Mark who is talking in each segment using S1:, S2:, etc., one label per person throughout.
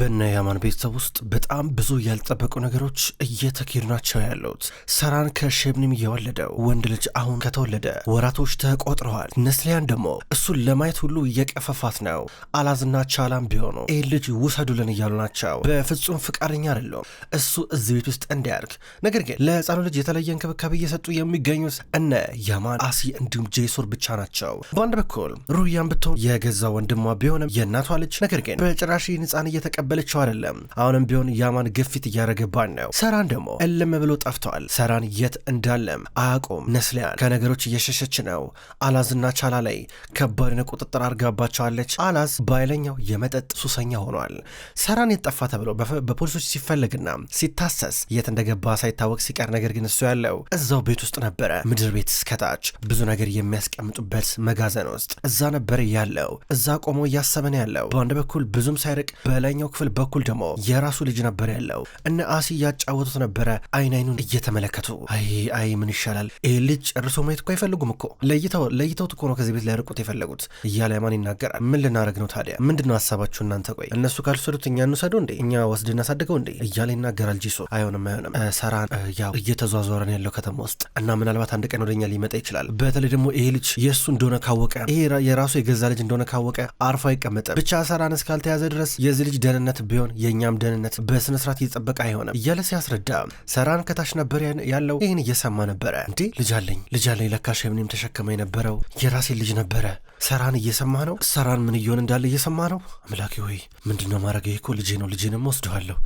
S1: በነ ያማን ቤተሰብ ውስጥ በጣም ብዙ ያልጠበቁ ነገሮች እየተካሄዱ ናቸው ያሉት። ሰራን ከሸብኒም እየወለደው ወንድ ልጅ አሁን ከተወለደ ወራቶች ተቆጥረዋል። ነስሊያን ደግሞ እሱን ለማየት ሁሉ እየቀፈፋት ነው። አላዝና ቻላም ቢሆኑ ይህ ልጅ ውሰዱልን እያሉ ናቸው። በፍጹም ፍቃደኛ አይደለም እሱ እዚህ ቤት ውስጥ እንዲያርግ። ነገር ግን ለህፃኑ ልጅ የተለየ እንክብካቤ እየሰጡ የሚገኙት እነ ያማን አሲ፣ እንዲሁም ጄሶር ብቻ ናቸው። በአንድ በኩል ሩያን ብትሆን የገዛ ወንድሟ ቢሆንም የእናቷ ልጅ ነገር ግን በጭራሽ ሕፃን እየተቀ እየተቀበለችው አይደለም። አሁንም ቢሆን ያማን ግፊት እያደረገባን ነው። ሰራን ደግሞ እልም ብሎ ጠፍቷል። ሰራን የት እንዳለም አያውቁም። ነስሊያን ከነገሮች እየሸሸች ነው። አላዝና ቻላ ላይ ከባድ ቁጥጥር አድርጋባቸዋለች። አላዝ በኃይለኛው የመጠጥ ሱሰኛ ሆኗል። ሰራን የት ጠፋ ተብሎ በፖሊሶች ሲፈለግና ሲታሰስ የት እንደገባ ሳይታወቅ ሲቀር፣ ነገር ግን እሱ ያለው እዛው ቤት ውስጥ ነበረ። ምድር ቤት እስከታች ብዙ ነገር የሚያስቀምጡበት መጋዘን ውስጥ እዛ ነበር ያለው። እዛ ቆሞ እያሰበን ያለው በአንድ በኩል ብዙም ሳይርቅ በላይኛው ክፍል በኩል ደግሞ የራሱ ልጅ ነበር ያለው። እነ አሲ እያጫወቱት ነበረ፣ አይን አይኑን እየተመለከቱ አይ አይ ምን ይሻላል ይህ ልጅ ጨርሶ ማየት እኮ አይፈልጉም እኮ ለይተው ለይተውት እኮ ነው ከዚህ ቤት ሊያርቁት የፈለጉት እያለ ማን ይናገራል። ምን ልናደርግ ነው ታዲያ? ምንድን ነው ሀሳባችሁ እናንተ? ቆይ እነሱ ካልወሰዱት እኛ እንውሰዱ እንዴ? እኛ ወስድ እናሳድገው እንዴ? እያለ ይናገራል። ጂሶ አይሆንም አይሆንም፣ ሰራን ያው እየተዟዟረ ነው ያለው ከተማ ውስጥ እና ምናልባት አንድ ቀን ወደኛ ሊመጣ ይችላል። በተለይ ደግሞ ይሄ ልጅ የእሱ እንደሆነ ካወቀ፣ ይሄ የራሱ የገዛ ልጅ እንደሆነ ካወቀ አርፎ አይቀመጥም። ብቻ ሰራን እስካልተያዘ ድረስ የዚህ ልጅ ደህንነት ቢሆን የእኛም ደህንነት በስነስርዓት እየጠበቀ አይሆንም እያለ ሲያስረዳ ሰራን ከታች ነበር ያለው። ይህን እየሰማ ነበረ። እንዴ ልጅ አለኝ ልጅ አለኝ ለካሽ ተሸከመ የነበረው የራሴ ልጅ ነበረ ሰራን እየሰማ ነው። ሰራን ምን እየሆን እንዳለ እየሰማ ነው። አምላኬ ሆይ ምንድን ነው ማድረግ? ይሄ እኮ ልጄ ነው፣ ልጄንም ወስደዋለሁ፣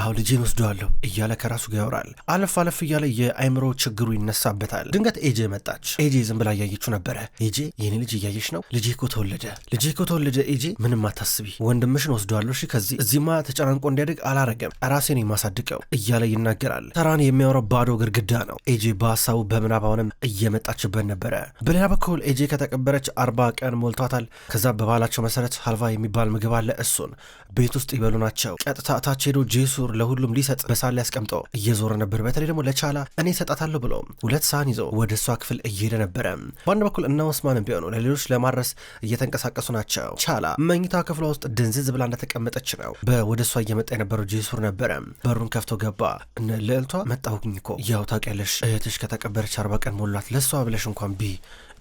S1: አሁ ልጄን ወስደዋለሁ እያለ ከራሱ ጋር ያወራል። አለፍ አለፍ እያለ የአይምሮ ችግሩ ይነሳበታል። ድንገት ኤጄ መጣች። ኤጄ ዝም ብላ እያየችው ነበረ። ኤጄ የኔ ልጅ እያየች ነው፣ ልጄ እኮ ተወለደ፣ ልጄ እኮ ተወለደ። ኤጄ ምንም አታስቢ፣ ወንድምሽን ወስደዋለሁ። እሺ ከዚህ እዚህማ ተጨናንቆ እንዲያደግ አላረገም፣ ራሴን የማሳድቀው እያለ ይናገራል። ሰራን የሚያወራው ባዶ ግድግዳ ነው። ኤጄ በሀሳቡ በምናባውንም እየመጣችበት ነበረ። በሌላ በኩል ኤጄ ከተቀበረች አርባ ቀን ሞልቷታል። ከዛ በባህላቸው መሰረት ሀልቫ የሚባል ምግብ አለ። እሱን ቤት ውስጥ ይበሉ ናቸው። ቀጥታ ታች ሄዶ ጄሱር ለሁሉም ሊሰጥ በሳል ላይ አስቀምጦ እየዞረ ነበር። በተለይ ደግሞ ለቻላ እኔ ሰጣታለሁ ብሎ ሁለት ሳህን ይዘው ወደ እሷ ክፍል እየሄደ ነበረ። በአንድ በኩል እነ ኦስማንም ቢሆኑ ለሌሎች ለማድረስ እየተንቀሳቀሱ ናቸው። ቻላ መኝታ ክፍሏ ውስጥ ድንዝዝ ብላ እንደተቀመጠች ነው። በወደ እሷ እየመጣ የነበረው ጄሱር ነበረ። በሩን ከፍቶ ገባ። ልዕልቷ መጣሁኝ እኮ ያው ታውቂያለሽ እህትሽ ከተቀበረች አርባ ቀን ሞሏት ለእሷ ብለሽ እንኳን ቢ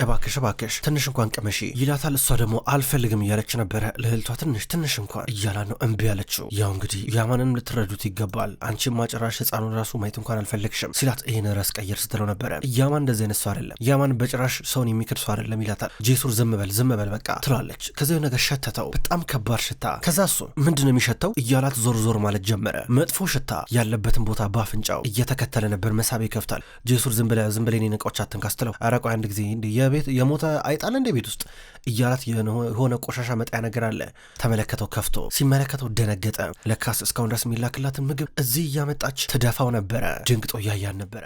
S1: እባክሽ እባክሽ ትንሽ እንኳን ቅመሺ ይላታል። እሷ ደግሞ አልፈልግም እያለች ነበረ። ልዕልቷ ትንሽ ትንሽ እንኳን እያላ ነው እምቢ ያለችው። ያው እንግዲህ ያማንን ልትረዱት ይገባል። አንቺ ማጨራሽ ህፃኑን ራሱ ማየት እንኳን አልፈለግሽም ሲላት ይህን ረስ ቀየር ስትለው ነበረ። ያማን እንደዚህ አይነት ሰው አይደለም፣ ያማን በጭራሽ ሰውን የሚክድ ሰው አይደለም ይላታል። ጄሱር ዝም በል ዝም በል በቃ ትላለች። ከዚ ነገር ሸተተው፣ በጣም ከባድ ሽታ። ከዛ እሱ ምንድን ነው የሚሸተው እያላት ዞር ዞር ማለት ጀመረ። መጥፎ ሽታ ያለበትን ቦታ ባፍንጫው እየተከተለ ነበር። መሳቢያ ይከፍታል። ጄሱር ዝም ብለህ ዝም ብለህ እኔን እቃዎች አትንካስ ትለው። ኧረ አንድ ጊዜ የቤት የሞተ አይጣለ እንደ ቤት ውስጥ እያላት የሆነ ቆሻሻ መጣያ ነገር አለ። ተመለከተው ከፍቶ ሲመለከተው ደነገጠ። ለካስ እስካሁን ድረስ የሚላክላትን ምግብ እዚህ እያመጣች ትደፋው ነበረ። ድንግጦ እያያን ነበረ።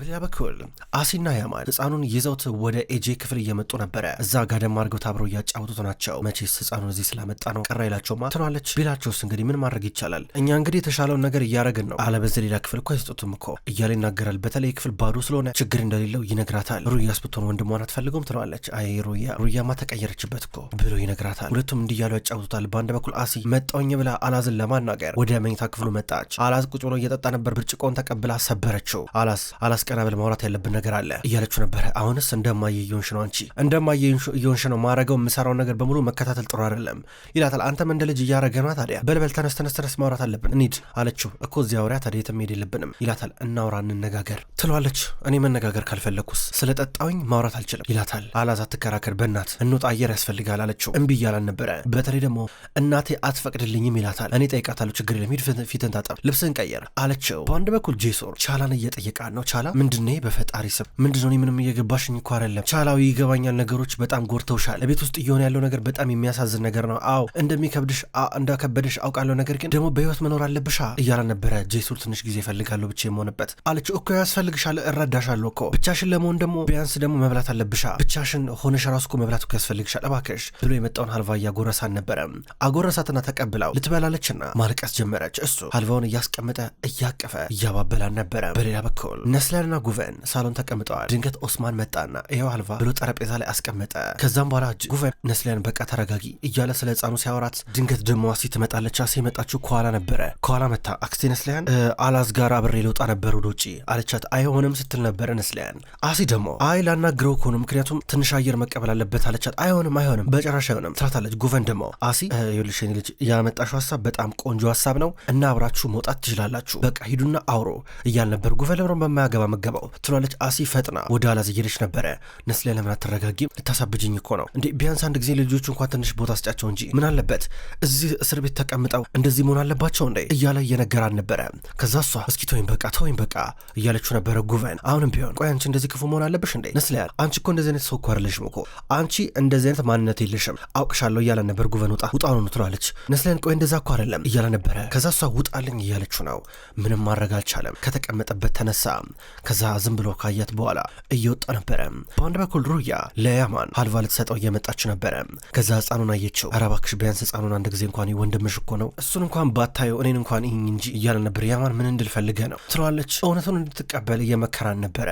S1: በሌላ በኩል አሲና ያማል ህፃኑን ይዘውት ወደ ኤጄ ክፍል እየመጡ ነበረ። እዛ ጋደም አድርገው አብረው እያጫወቱት ናቸው። መቼስ ህፃኑን እዚህ ስላመጣ ነው ቀራ ማ ትኗለች። ቢላቸውስ እንግዲህ ምን ማድረግ ይቻላል? እኛ እንግዲህ የተሻለውን ነገር እያረግን ነው። አለበለዚያ ሌላ ክፍል እኮ አይሰጡትም እኮ እያለ ይናገራል። በተለይ ክፍል ባዶ ስለሆነ ችግር እንደሌለው ይነግራታል። ሩያስ ብትሆን ወንድሟን አትፈልገውም ትለዋለች። አይ ሩያ ሩያማ ተቀየረችበት እኮ ብሎ ይነግራታል። ሁለቱም እንዲህ ያጫውቱታል። በአንድ በኩል አሲ መጣውኝ ብላ አላዝን ለማናገር ወደ መኝታ ክፍሉ መጣች። አላዝ ቁጭ ብሎ እየጠጣ ነበር። ብርጭቆውን ተቀብላ ሰበረችው። አላስ አላስ ቀና ማውራት ያለብን ነገር አለ እያለችው ነበረ አሁንስ እንደማየ እየሆንሽ ነው አንቺ እንደማየ እየሆንሽ ነው። ማረገው የምሰራውን ነገር በሙሉ መከታተል ጥሩ አይደለም ይላታል። አንተም እንደ ልጅ እያረገ ነዋ ታዲያ በልበል ተነስ ተነስ ተነስ ማውራት አለብን እንሂድ አለችው። እኮ እዚያ ወሪያ ታዲያ የትም ሄድ የለብንም ይላታል። እናውራ እንነጋገር ትለዋለች። እኔ መነጋገር ካልፈለግኩስ ስለ ጠጣውኝ ማውራት አልችልም ይላታል። አላዝ ትከራከር በእናት እንውጣ፣ አየር ያስፈልጋል አለችው። እምቢ እያላን ነበረ። በተለይ ደግሞ እናቴ አትፈቅድልኝም ይላታል። እኔ ጠይቃታለሁ፣ ችግር የለም፣ ሂድ ፊትን ታጠብ፣ ልብስን ቀየር አለችው። በአንድ በኩል ጄሶር ቻላን እየጠየቃ ነው። ቻላ ምንድነ በፈጣሪ ስም ምንድነው? እኔ ምንም እየገባሽኝ እኮ አይደለም። ቻላዊ ይገባኛል፣ ነገሮች በጣም ጎርተውሻል ቤት ውስጥ እየሆነ ያለው ነገር በጣም የሚያሳዝን ነገር ነው። አዎ እንደሚከብድሽ እንዳከበደሽ አውቃለሁ፣ ነገር ግን ደግሞ በህይወት መኖር አለብሻ እያላ ነበረ። ጄሶር ትንሽ ጊዜ ይፈልጋለሁ ብቻ የመሆንበት አለችው። እኮ ያስፈል ያስፈልግሻል፣ እረዳሻለሁ እኮ ብቻሽን ለመሆን ደግሞ ቢያንስ ደግሞ መብላት አለብሻ። ብቻሽን ሆነሽ ራስኮ መብላት እኮ ያስፈልግሻል፣ እባክሽ ብሎ የመጣውን ሀልቫ እያጎረሳን ነበረ። አጎረሳትና ተቀብላው ልትበላለችና ማልቀስ ጀመረች። እሱ ሀልቫውን እያስቀመጠ እያቀፈ እያባበላን ነበረ። በሌላ በኩል ነስሊሀንና ጉቨን ሳሎን ተቀምጠዋል። ድንገት ኦስማን መጣና ይኸው ሀልቫ ብሎ ጠረጴዛ ላይ አስቀመጠ። ከዛም በኋላ ጉቨን ነስሊሀን በቃ ተረጋጊ እያለ ስለ ህፃኑ ሲያወራት ድንገት ደሞ አሲ ትመጣለች። አሲ የመጣችው ከኋላ ነበረ። ከኋላ መታ አክስቴ ነስሊሀን አላዝ ጋር አብሬ ልውጣ ነበር ወደ ውጭ አለቻት። አይሆንም ስትል ነበር እንስሊያን። አሲ ደግሞ አይ ላናግረው እኮ ነው ምክንያቱም ትንሽ አየር መቀበል አለበት አለቻት። አይሆንም አይሆንም በጭራሽ አይሆንም ትላታለች። ጉቨን ደግሞ አሲ ይኸውልሽ ልጅ ያመጣሽው ሀሳብ በጣም ቆንጆ ሀሳብ ነው እና አብራችሁ መውጣት ትችላላችሁ፣ በቃ ሂዱና አውሮ እያል ነበር ጉቨን። ለምሮም በማያገባ መገባው ትሏለች። አሲ ፈጥና ወደ አላዝ እየሄደች ነበረ። ነስሊያን ለምን አትረጋጊም? ልታሳብጅኝ እኮ ነው እንዴ! ቢያንስ አንድ ጊዜ ልጆቹ እንኳን ትንሽ ቦታ ስጫቸው እንጂ ምን አለበት እዚህ እስር ቤት ተቀምጠው እንደዚህ መሆን አለባቸው እንዴ? እያለ እየነገራን ነበረ። ከዛ እሷ እስኪ ተወይም በቃ ተወይም በቃ እያለችው ነበር የነበረ ጉቨን። አሁንም ቢሆን ቆይ አንቺ እንደዚህ ክፉ መሆን አለብሽ እንዴ ነስሊሀል፣ አንቺ እኮ እንደዚህ አይነት ሰው እኮ አይደለሽም እኮ አንቺ እንደዚህ አይነት ማንነት የለሽም አውቅሻለሁ እያለ ነበር ጉቨን። ውጣ ውጣ ነው ትላለች ነስሊሀል። ቆይ እንደዛ እኮ አይደለም እያለ ነበረ። ከዛ እሷ ውጣልኝ እያለችው ነው። ምንም ማድረግ አልቻለም። ከተቀመጠበት ተነሳ። ከዛ ዝም ብሎ ካያት በኋላ እየወጣ ነበረ። በአንድ በኩል ሩያ ለያማን ሀልቫ ልትሰጠው እየመጣች ነበረ። ከዛ ህፃኑን አየችው። ኧረ እባክሽ ቢያንስ ህፃኑን አንድ ጊዜ እንኳን ወንድምሽ እኮ ነው እሱን እንኳን ባታየው እኔን እንኳን ይህኝ እንጂ እያለ ነበር። ያማን ምን እንድልፈልገ ነው ትለዋለች። እውነቱን እንድትቀበል ለመግደል እየመከራን ነበረ።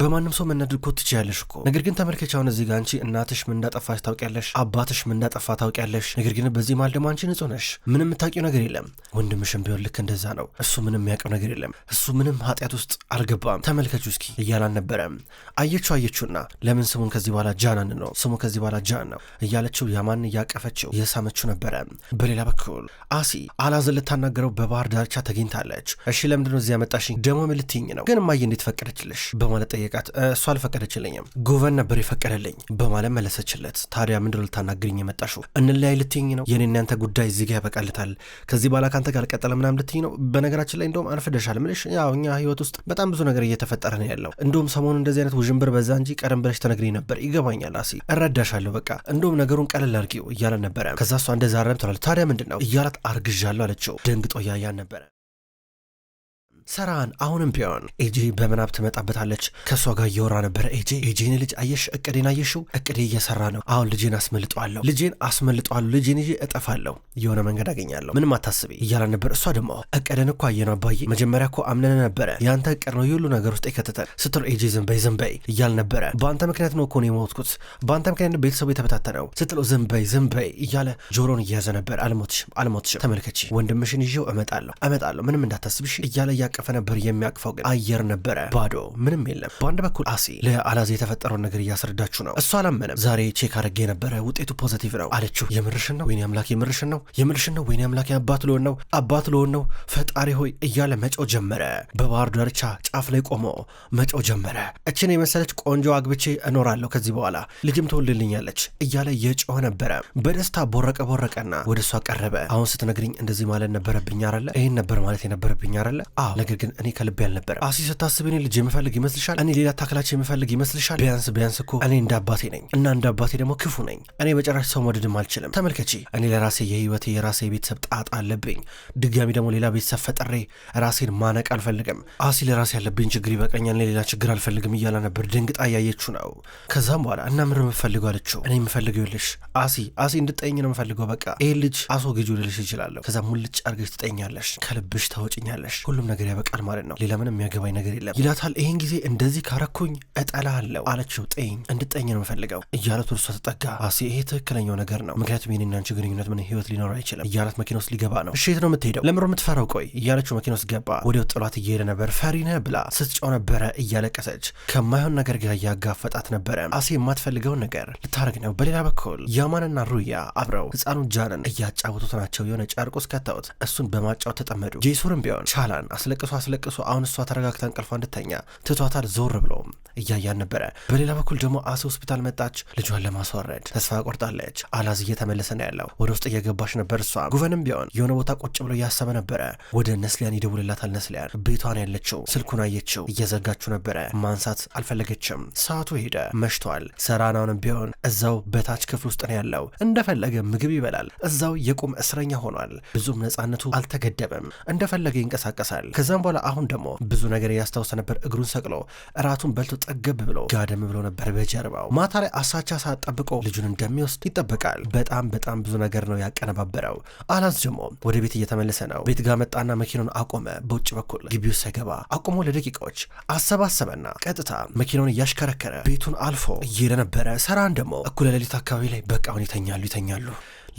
S1: በማንም ሰው መናደድ እኮ ትችያለሽ እኮ ነገር ግን ተመልከች፣ አሁን እዚህ ጋር አንቺ እናትሽ ምን እንዳጠፋች ታውቂያለሽ፣ አባትሽ ምን እንዳጠፋ ታውቂያለሽ። ነገር ግን በዚህ መሃል ደግሞ አንቺ ንጹህ ነሽ፣ ምንም የምታውቂው ነገር የለም። ወንድምሽም ቢሆን ልክ እንደዛ ነው። እሱ ምንም የሚያውቀው ነገር የለም። እሱ ምንም ኃጢአት ውስጥ አልገባም። ተመልከች እስኪ እያላን ነበረ። አየችው አየችውና ለምን ስሙን ከዚህ በኋላ ጃናን ነው ስሙ ከዚህ በኋላ ጃን ነው እያለችው ያማን እያቀፈችው እየሳመችው ነበረ። በሌላ በኩል አሲ አላዘን ልታናገረው በባህር ዳርቻ ተገኝታለች። እሺ ለምንድን እዚህ ያመጣሽኝ? ደግሞ ምልትኝ ነው? ግን ማየ እንዴት ፈቀደችልሽ በማለት ጠየቃት። እሷ አልፈቀደችልኝም ጉቨን ነበር የፈቀደልኝ በማለት መለሰችለት። ታዲያ ምንድን ልታናግርኝ የመጣሽው? እንለያይ ልትይኝ ነው? የኔ እናንተ ጉዳይ እዚህ ጋ ያበቃልታል። ከዚህ በኋላ ከአንተ ጋር ቀጠለ ምናምን ልትይኝ ነው? በነገራችን ላይ እንደውም አንፍደሻል። ምልሽ ያው እኛ ህይወት ውስጥ በጣም ብዙ ነገር እየተፈጠረ ነው ያለው። እንደውም ሰሞኑ እንደዚህ አይነት ውዥንብር በዛ እንጂ ቀደም ብለሽ ተነግሪኝ ነበር። ይገባኛል አሲ፣ እረዳሻለሁ። በቃ እንደውም ነገሩን ቀለል አድርጊው እያለ ነበረ። ከዛ እሷ እንደዛ ረም ትላለች። ታዲያ ምንድን ነው እያላት አርግዣለሁ አለችው። ደንግጦ እያያን ነበረ ሰራን አሁንም ቢሆን ኤጄ በምናብ ትመጣበታለች። ከእሷ ጋር እየወራ ነበረ። ኤጄ ኤጄን ልጅ አየሽ፣ እቅዴን አየሽው? እቅዴ እየሰራ ነው። አሁን ልጄን አስመልጠዋለሁ፣ ልጄን አስመልጠዋለሁ፣ ልጄን ይዤ እጠፋለሁ፣ የሆነ መንገድ አገኛለሁ፣ ምንም አታስቢ እያላ ነበር። እሷ ደግሞ እቅድን እኮ አየነው አባዬ፣ መጀመሪያ እኮ አምነን ነበረ፣ የአንተ እቅድ ነው የሁሉ ነገር ውስጥ የከተተን ስትል፣ ኤጄ ዝንበይ ዝንበይ እያል ነበረ። በአንተ ምክንያት ነው እኮ ነው የሞትኩት፣ በአንተ ምክንያት ቤተሰቡ የተበታተነው ስትለው፣ ዝም ዝንበይ ዝም እያለ ጆሮን እየያዘ ነበር። አልሞትሽም፣ አልሞትሽም፣ ተመልከች፣ ወንድምሽን ይዤው እመጣለሁ፣ እመጣለሁ፣ ምንም እንዳታስብሽ እያለ እያቀ እያቀፈ ነበር የሚያቅፈው ግን አየር ነበረ፣ ባዶ ምንም የለም። በአንድ በኩል አሲ ለአላዝ የተፈጠረውን ነገር እያስረዳችሁ ነው። እሱ አላመነም። ዛሬ ቼክ አድርጌ ነበረ ውጤቱ ፖዘቲቭ ነው አለችው። የምርሽን ነው ወይኔ አምላክ፣ የምርሽን ነው የምርሽን ነው ወይኔ አምላክ፣ አባት ልሆን ነው አባት ልሆን ነው ፈጣሪ ሆይ እያለ መጮ ጀመረ። በባህር ዳርቻ ጫፍ ላይ ቆሞ መጮ ጀመረ። እችን የመሰለች ቆንጆ አግብቼ እኖራለሁ ከዚህ በኋላ ልጅም ትወልድልኛለች እያለ የጮኸ ነበረ። በደስታ ቦረቀ ቦረቀና ወደ እሷ ቀረበ። አሁን ስትነግርኝ እንደዚህ ማለት ነበረብኝ አለ ይህን ነበር ማለት የነበረብኝ አለ ነገር ግን እኔ ከልቤ አልነበረም። አሲ ስታስብ እኔ ልጅ የምፈልግ ይመስልሻል? እኔ ሌላ ታክላች የምፈልግ ይመስልሻል? ቢያንስ ቢያንስ እኮ እኔ እንደ አባቴ ነኝ እና እንደ አባቴ ደግሞ ክፉ ነኝ። እኔ በጭራሽ ሰው መውደድም አልችልም። ተመልከቺ፣ እኔ ለራሴ የህይወቴ የራሴ የቤተሰብ ጣጣ አለብኝ። ድጋሚ ደግሞ ሌላ ቤተሰብ ፈጥሬ ራሴን ማነቅ አልፈልግም። አሲ ለራሴ ያለብኝ ችግር ይበቃኛል፣ ሌላ ችግር አልፈልግም እያለ ነበር። ደንግጣ እያየችው ነው። ከዛም በኋላ እና ምር የምፈልገው አለችው። እኔ የምፈልገው ይኸውልሽ አሲ አሲ እንድጠኝ ነው የምፈልገው። በቃ ይህ ልጅ አስወግጅ ልልሽ ይችላለሁ። ከዛም ሙልጭ አርገሽ ትጠኛለሽ፣ ከልብሽ ታወጭኛለሽ፣ ሁሉም ነገር ያበቃል ማለት ነው። ሌላ ምንም የሚያገባኝ ነገር የለም ይላታል። ይህን ጊዜ እንደዚህ ካረኩኝ እጠላለሁ አለችው። ጠኝ እንድጠኝ ነው የምፈልገው እያለት ወደ እሷ ተጠጋ። አሴ ይሄ ትክክለኛው ነገር ነው፣ ምክንያቱም ይህን ግንኙነት ምን ህይወት ሊኖር አይችልም እያላት መኪና ውስጥ ሊገባ ነው። እሺ የት ነው የምትሄደው? ለምሮ የምትፈራው? ቆይ እያለችው መኪና ውስጥ ገባ። ወዲያው ጥሏት እየሄደ ነበር። ፈሪነ ብላ ስትጫው ነበረ እያለቀሰች ከማይሆን ነገር ጋር እያጋፈጣት ነበረ። አሴ የማትፈልገውን ነገር ልታደርግ ነው። በሌላ በኩል ያማንና ሩያ አብረው ህፃኑ ጃንን እያጫወቱት ናቸው። የሆነ ጨርቁ እስከታውት እሱን በማጫወት ተጠመዱ። ጄሱርም ቢሆን ቻላን አስለ አስለቅሶ አስለቅሶ አሁን እሷ ተረጋግታ እንቅልፏ እንድተኛ ትቷታል። ዞር ብሎ እያያን ነበረ። በሌላ በኩል ደግሞ አሴ ሆስፒታል መጣች። ልጇን ለማስወረድ ተስፋ ቆርጣለች። አላዝ እየተመለሰ ነው ያለው። ወደ ውስጥ እየገባች ነበር። እሷ ጉቨንም ቢሆን የሆነ ቦታ ቁጭ ብሎ እያሰበ ነበረ። ወደ ነስሊያን ይደውልላታል። ነስሊያን ቤቷን ያለችው ስልኩን አየችው። እየዘጋችው ነበረ። ማንሳት አልፈለገችም። ሰዓቱ ሄደ፣ መሽቷል። ሰራናውንም ቢሆን እዛው በታች ክፍል ውስጥ ነው ያለው። እንደፈለገ ምግብ ይበላል። እዛው የቁም እስረኛ ሆኗል። ብዙም ነፃነቱ አልተገደበም። እንደፈለገ ይንቀሳቀሳል። ከዛም በኋላ አሁን ደግሞ ብዙ ነገር እያስታወሰ ነበር። እግሩን ሰቅሎ እራቱን በልቶ ጠገብ ብሎ ጋደም ብሎ ነበር በጀርባው። ማታ ላይ አሳቻ ሰዓት ጠብቆ ልጁን እንደሚወስድ ይጠበቃል። በጣም በጣም ብዙ ነገር ነው ያቀነባበረው። አላንስ ደግሞ ወደ ቤት እየተመለሰ ነው። ቤት ጋር መጣና መኪናውን አቆመ። በውጭ በኩል ግቢው ሳይገባ አቁሞ ለደቂቃዎች አሰባሰበና ቀጥታ መኪናውን እያሽከረከረ ቤቱን አልፎ እየሄደ ነበረ። ሰራን ደግሞ እኩለ ሌሊት አካባቢ ላይ በቃ አሁን ይተኛሉ ይተኛሉ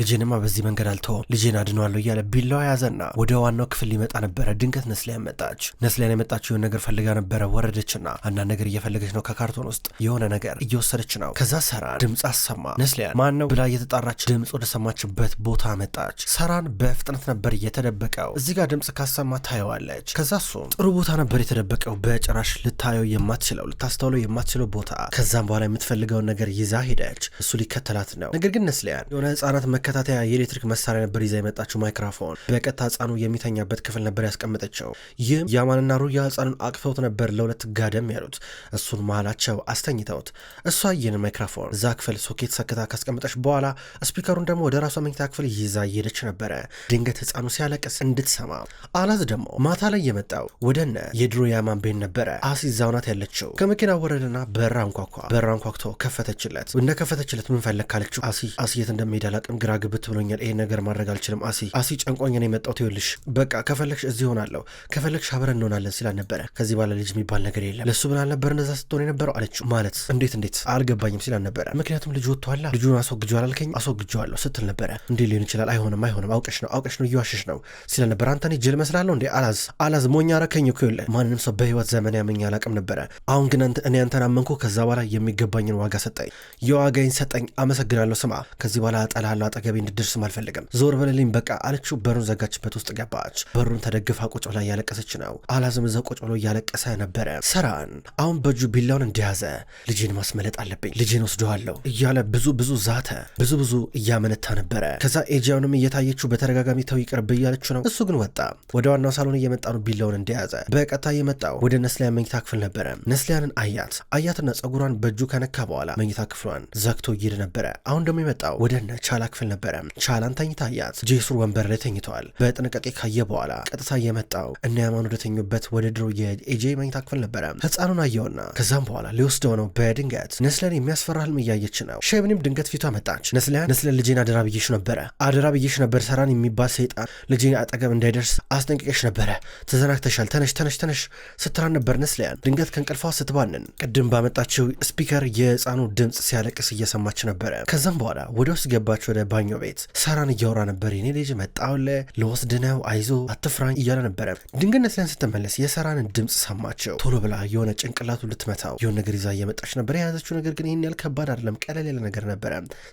S1: ልጄንማ በዚህ መንገድ አልተውም፣ ልጄን አድኗለሁ እያለ ቢላዋ ያዘና ወደ ዋናው ክፍል ሊመጣ ነበረ። ድንገት ነስሊያን መጣች። ነስሊያን የመጣችው የሆነ ነገር ፈልጋ ነበረ። ወረደችና አንዳንድ ነገር እየፈለገች ነው። ከካርቶን ውስጥ የሆነ ነገር እየወሰደች ነው። ከዛ ሰራን ድምፅ አሰማ። ነስሊያን ማን ነው ብላ እየተጣራች ድምፅ ወደሰማችበት ቦታ መጣች። ሰራን በፍጥነት ነበር እየተደበቀው። እዚህ ጋር ድምፅ ካሰማ ታየዋለች። ከዛ እሱም ጥሩ ቦታ ነበር የተደበቀው፣ በጭራሽ ልታየው የማትችለው ልታስተውለው የማትችለው ቦታ። ከዛም በኋላ የምትፈልገውን ነገር ይዛ ሄደች። እሱ ሊከተላት ነው። ነገር ግን ነስሊያን የሆነ ህጻናት መከ መከታተያ የኤሌክትሪክ መሳሪያ ነበር ይዛ የመጣችው ማይክራፎን በቀጥታ ህፃኑ የሚተኛበት ክፍል ነበር ያስቀመጠችው። ይህም ያማንና ሩያ ህፃኑን አቅፈውት ነበር ለሁለት ጋደም ያሉት። እሱን መሀላቸው አስተኝተውት እሷ ይህን ማይክራፎን እዛ ክፍል ሶኬት ሰክታ ካስቀመጠች በኋላ ስፒከሩን ደግሞ ወደ ራሷ መኝታ ክፍል ይዛ እየሄደች ነበረ። ድንገት ህፃኑ ሲያለቅስ እንድትሰማ አላዝ ደግሞ ማታ ላይ የመጣው ወደነ የድሮ ያማን ቤን ነበረ። አሲ እዛው ናት ያለችው። ከመኪና ወረደና በራ አንኳኳ። በራ አንኳኩቶ ከፈተችለት። እንደከፈተችለት ከፈተችለት ምን ፈለግ ካለችው አሲ አስየት እንደሚሄድ አላቅም ግራ ግብት ብሎኛል። ይሄን ነገር ማድረግ አልችልም። አሲ አሲ ጨንቆኝ ነው የመጣሁት። ይኸውልሽ በቃ ከፈለግሽ እዚህ ሆናለሁ፣ ከፈለግሽ አብረን እንሆናለን ሲላ ነበረ። ከዚህ በኋላ ልጅ የሚባል ነገር የለም። ለሱ ምን አልነበር እንደዛ ስትሆን የነበረው አለችው። ማለት እንዴት እንዴት አልገባኝም ሲላ ነበረ። ምክንያቱም ልጅ ወጥቷላ። ልጁን አስወግጆ አላልከኝ? አስወግጀዋለሁ ስትል ነበረ። እንዴ ሊሆን ይችላል። አይሆንም፣ አይሆንም፣ አውቀሽ ነው፣ አውቀሽ ነው፣ እየዋሸሽ ነው ሲላ ነበረ። አንተ እኔ ጅል መስላለሁ እንዴ? አላዝ አላዝ ሞኛ አረከኝ እኮ ይለ ማንም ሰው በህይወት ዘመን ያመኝ አላቅም ነበረ። አሁን ግን እኔ አንተን አመንኩ። ከዛ በኋላ የሚገባኝን ዋጋ ሰጠኝ፣ የዋጋኝ ሰጠኝ። አመሰግናለሁ። ስማ ከዚህ በኋላ ጠላላ አጠገቤ እንድደርስም አልፈልግም፣ ዞር በለልኝ በቃ አለችው። በሩን ዘጋችበት፣ ውስጥ ገባች። በሩን ተደግፋ ቁጭ ብላ እያለቀሰች ነው። አላዝም እዛው ቁጭ ብሎ እያለቀሰ ነበረ። ሰራን አሁን በእጁ ቢላውን እንደያዘ ልጄን ማስመለጥ አለብኝ፣ ልጄን ወስደዋለሁ እያለ ብዙ ብዙ ዛተ፣ ብዙ ብዙ እያመነታ ነበረ። ከዛ ኤጂያውንም እየታየችው በተደጋጋሚ ተው ይቅርብ እያለችው ነው። እሱ ግን ወጣ። ወደ ዋናው ሳሎን እየመጣ ነው ቢላውን እንደያዘ። በቀጥታ የመጣው ወደ ነስሊያን መኝታ ክፍል ነበረ። ነስሊያንን አያት። አያትና ጸጉሯን በእጁ ከነካ በኋላ መኝታ ክፍሏን ዘግቶ ይሄድ ነበረ። አሁን ደግሞ የመጣው ወደ ቻላ ክፍል አልነበረም። ቻላን ተኝታያት ጄሱር ወንበር ላይ ተኝተዋል። በጥንቃቄ ካየ በኋላ ቀጥታ የመጣው እነ ያማን ወደተኙበት ወደ ድሮ የኤጄ መኝታ ክፍል ነበረ። ህፃኑን አየውና ከዛም በኋላ ሊወስደው ነው። በድንገት ነስለን የሚያስፈራ ህልም እያየች ነው። ሼብኒም ድንገት ፊቷ መጣች። ነስለን ነስለን ልጄን አደራ ብዬሽ ነበረ አደራ ብዬሽ ነበር። ሰራን የሚባል ሰይጣን ልጄን አጠገብ እንዳይደርስ አስጠንቅቄሽ ነበረ። ተዘናግተሻል። ተነሽ ተነሽ ተነሽ ስትራን ነበር ነስለን። ድንገት ከእንቅልፏ ስትባንን ቅድም ባመጣችው ስፒከር የህፃኑ ድምፅ ሲያለቅስ እየሰማች ነበረ። ከዛም በኋላ ወደ ውስጥ ገባች ወደ በመዋኛው ቤት ሰራን እያወራ ነበር። የኔ ልጅ መጣውለ ለወስድ ነው አይዞ አትፍራኝ እያለ ነበረ። ድንገት ላይን ስትመለስ የሰራንን ድምፅ ሰማቸው። ቶሎ ብላ የሆነ ጭንቅላቱ ልትመታው የሆነ ነገር ይዛ እየመጣች ነበር። የያዘችው ነገር ግን ይህን ያህል ከባድ አይደለም፣ ቀለል ያለ ነገር ነበረ።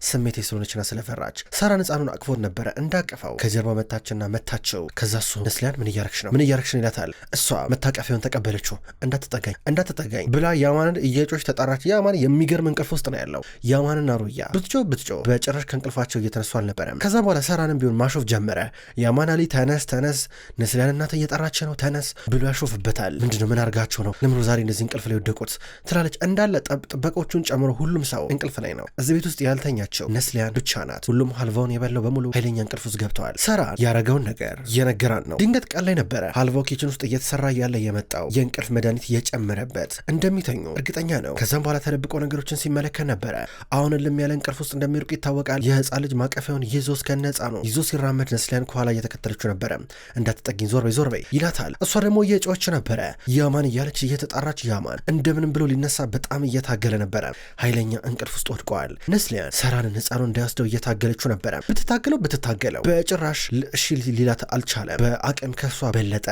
S1: ስሜት ስለሆነችና ስለፈራች ሰራን ህፃኑን አቅፎት ነበረ። እንዳቀፈው ከጀርባ መታችና መታቸው። ከዛ እሱ ነስሊያን ምን እያረክሽ ነው? ምን እያረግሽ ነው ይላታል። እሷ መታቀፊውን ተቀበለችው። እንዳትጠጋኝ፣ እንዳትጠጋኝ ብላ ያማንን እየጮች ተጣራች። ያማን የሚገርም እንቅልፍ ውስጥ ነው ያለው። ያማንና ሩያ ብትጮ ብትጮ በጭራሽ ከእንቅልፋቸው ተነስቶ አልነበረም። ከዛ በኋላ ሰራንም ቢሆን ማሾፍ ጀመረ። ያማን ተነስ ተነስ፣ ንስሊያን እናተ እየጠራች ነው ተነስ ብሎ ያሾፍበታል። ምንድነው? ምን አርጋቸው ነው? ለምሮ ዛሬ እንደዚህ እንቅልፍ ላይ ወደቁት? ትላለች። እንዳለ ጥበቆቹን ጨምሮ ሁሉም ሰው እንቅልፍ ላይ ነው። እዚህ ቤት ውስጥ ያልተኛቸው ነስሊያን ብቻ ናት። ሁሉም ሀልቫውን የበላው በሙሉ ኃይለኛ እንቅልፍ ውስጥ ገብተዋል። ሰራ ያረገውን ነገር እየነገራን ነው። ድንገት ቀን ላይ ነበረ ሀልቫው ኪችን ውስጥ እየተሰራ ያለ የመጣው የእንቅልፍ መድኃኒት እየጨመረበት እንደሚተኙ እርግጠኛ ነው። ከዛም በኋላ ተደብቆ ነገሮችን ሲመለከት ነበረ። አሁን ልም ያለ እንቅልፍ ውስጥ እንደሚርቁ ይታወቃል። የህፃን ልጅ ማቀፊያውን ይዞ እስከ ነጻ ነው ይዞ ሲራመድ ነስሊያን ከኋላ እየተከተለችው ነበረ። እንዳትጠጊኝ ዞር በይ ዞር በይ ይላታል። እሷ ደግሞ እየጮች ነበረ ያማን እያለች እየተጣራች ያማን እንደምንም ብሎ ሊነሳ በጣም እየታገለ ነበረ። ኃይለኛ እንቅልፍ ውስጥ ወድቀዋል። ነስሊያን ሰራንን ህፃኑን እንዳያስደው እየታገለችው ነበረ። ብትታገለው ብትታገለው በጭራሽ እሺ ሊላት አልቻለም። በአቅም ከሷ በለጠ።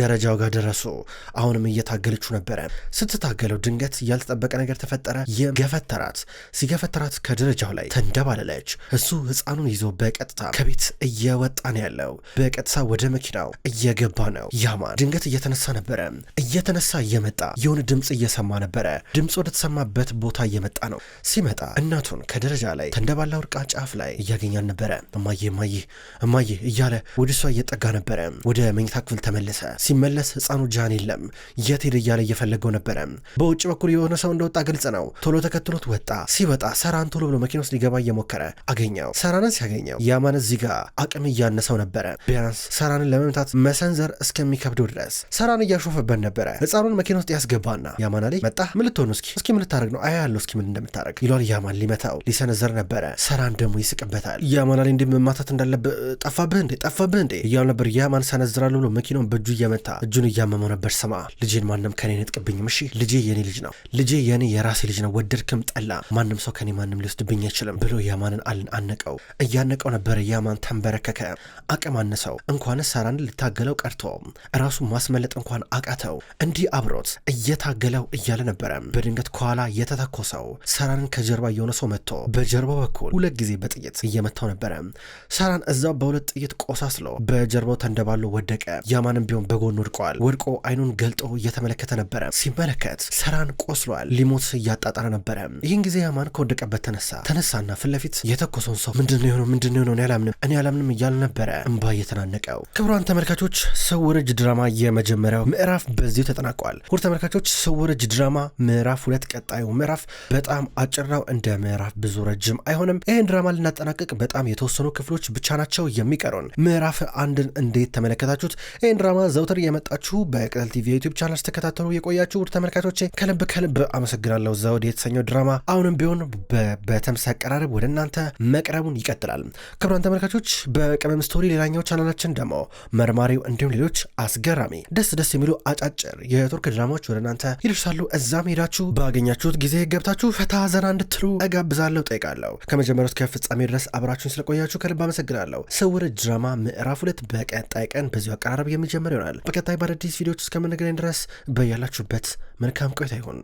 S1: ደረጃው ጋር ደረሱ። አሁንም እየታገለችው ነበረ። ስትታገለው ድንገት ያልተጠበቀ ነገር ተፈጠረ። የገፈተራት ሲገፈተራት ከደረጃው ላይ ተንደባለለች። እሱ ህፃኑን ይዞ በቀጥታ ከቤት እየወጣ ነው ያለው። በቀጥታ ወደ መኪናው እየገባ ነው። ያማን ድንገት እየተነሳ ነበረ። እየተነሳ እየመጣ የሆነ ድምፅ እየሰማ ነበረ። ድምፅ ወደተሰማበት ቦታ እየመጣ ነው። ሲመጣ እናቱን ከደረጃ ላይ ተንደባላ ወርቃ ጫፍ ላይ እያገኛል ነበረ። እማዬ እማዬ እማዬ እያለ ወደ እሷ እየጠጋ ነበረ። ወደ መኝታ ክፍል ተመለሰ። ሲመለስ ህፃኑ ጃን የለም፣ የት ሄደ እያለ እየፈለገው ነበረ። በውጭ በኩል የሆነ ሰው እንደወጣ ግልጽ ነው። ቶሎ ተከትሎት ወጣ። ሲወጣ ሰራን ቶሎ ብሎ መኪና ውስጥ ሊገባ እየሞከረ አገኘው። ነው። ሰራንን ሲያገኘው ያማን እዚህ ጋር አቅም እያነሰው ነበረ። ቢያንስ ሰራንን ለመምታት መሰንዘር እስከሚከብደው ድረስ ሰራን እያሾፈበት ነበረ። ህፃኑን መኪና ውስጥ ያስገባና ያማን አሊ መጣ። ምልትሆኑ እስኪ እስኪ ምልታደረግ ነው? አያ ያለው እስኪ ምን እንደምታደረግ ይሏል። ያማን ሊመታው ሊሰነዘር ነበረ። ሰራን ደግሞ ይስቅበታል። ያማን አሊ እንዲህ መማታት እንዳለብህ ጠፋብህ እንዴ ጠፋብህ እንዴ እያሉ ነበር። ያማን ሰነዝራለሁ ብሎ መኪናውን በእጁ እየመታ እጁን እያመመው ነበር። ስማ ልጄን ማንም ከኔ ነጥቅብኝም። እሺ ልጄ የኔ ልጅ ነው። ልጄ የኔ የራሴ ልጅ ነው። ወደድክም ጠላ ማንም ሰው ከኔ ማንም ሊወስድብኝ አይችልም ብሎ ያማንን አልን አነቀ እያነቀው እያነቀው ነበር። ያማን ተንበረከከ። አቅም አነሰው። እንኳን ሳራን ልታገለው ቀርቶ ራሱ ማስመለጥ እንኳን አቃተው። እንዲህ አብሮት እየታገለው እያለ ነበረ በድንገት ከኋላ የተተኮሰው ሳራንን ከጀርባ እየሆነ ሰው መጥቶ በጀርባው በኩል ሁለት ጊዜ በጥይት እየመታው ነበረ። ሳራን እዛው በሁለት ጥይት ቆሳስሎ በጀርባው ተንደባሎ ወደቀ። ያማንም ቢሆን በጎን ወድቋል። ወድቆ አይኑን ገልጦ እየተመለከተ ነበረ። ሲመለከት ሰራን ቆስሏል፣ ሊሞት እያጣጣረ ነበረ። ይህን ጊዜ ያማን ከወደቀበት ተነሳ ተነሳና ፊት ለፊት የተኮሰውን የሆነውን ሰው ምንድን ነው የሆነው ምንድን ነው የሆነው አላምንም እኔ አላምንም እያል ነበረ እምባ እየተናነቀው። ክቡራን ተመልካቾች ስውር እጅ ድራማ የመጀመሪያው ምዕራፍ በዚሁ ተጠናቋል። ሁር ተመልካቾች ስውር እጅ ድራማ ምዕራፍ ሁለት ቀጣዩ ምዕራፍ በጣም አጭር ነው። እንደ ምዕራፍ ብዙ ረጅም አይሆንም። ይህን ድራማ ልናጠናቀቅ በጣም የተወሰኑ ክፍሎች ብቻ ናቸው የሚቀሩን። ምዕራፍ አንድን እንዴት ተመለከታችሁት? ይህን ድራማ ዘውትር የመጣችሁ በቅጠል ቲቪ የዩቲዩብ ቻናል ስትከታተሉ የቆያችሁ ውድ ተመልካቾቼ ከልብ ከልብ አመሰግናለሁ። ዘውድ የተሰኘው ድራማ አሁንም ቢሆን በተምሳ አቀራረብ ወደ እናንተ መቅ መቅረቡን ይቀጥላል። ክቡራን ተመልካቾች በቅመም ስቶሪ ሌላኛው ቻናላችን ደግሞ መርማሪው እንዲሁም ሌሎች አስገራሚ ደስ ደስ የሚሉ አጫጭር የቱርክ ድራማዎች ወደ እናንተ ይደርሳሉ። እዛም ሄዳችሁ ባገኛችሁት ጊዜ ገብታችሁ ፈታ ዘና እንድትሉ እጋብዛለሁ፣ ጠይቃለሁ። ከመጀመሪያ እስከ ፍጻሜ ድረስ አብራችሁን ስለቆያችሁ ከልብ አመሰግናለሁ። ስውር ድራማ ምዕራፍ ሁለት በቀጣይ ቀን በዚሁ አቀራረብ የሚጀምር ይሆናል። በቀጣይ በአዳዲስ ቪዲዮዎች እስከምንገናኝ ድረስ በያላችሁበት መልካም ቆይታ ይሁን።